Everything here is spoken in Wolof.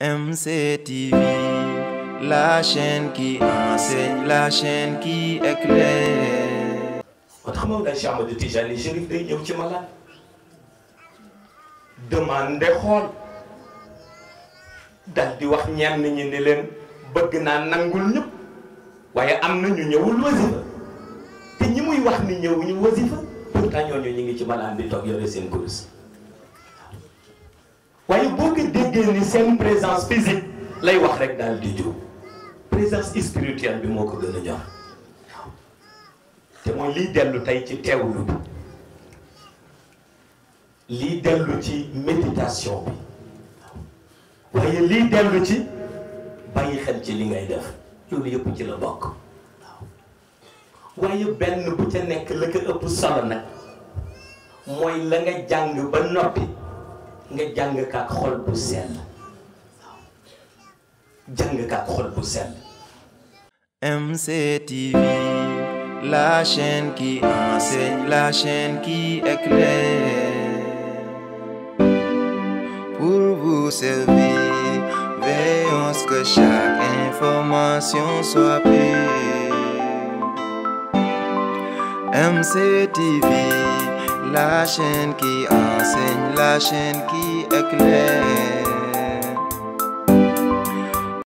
MCTV, la chaîne qui enseigne, la chaîne qui éclaire. moo tax Maodo ci malade demande xool dal di wax ñenn ñi ne leen bëgg naa nangul ñëpp waaye am na ñu ñëwul te ñi wax ni ñëwuñu wasifa pourtant ñooñu ñu ngi ci malaan bi toog yore seen kurus jàppee ni seen présence physique lay wax rek daal di jub présence spirituelle bi moo ko gën a ñor te mooy liy dellu tey ci teewlu bi liy dellu ci méditation bi waaye liy dellu ci bàyyi xel ci li ngay def loolu yëpp ci la bokk waaye benn bu ca nekk la ko ëpp solo nag mooy la nga jàng ba noppi. nga jàng kaak xol la chaîne qui enseigne la chaîne qui éclaire pour vous servir veillons que chaque information soit pure la chaîne qui éclaire.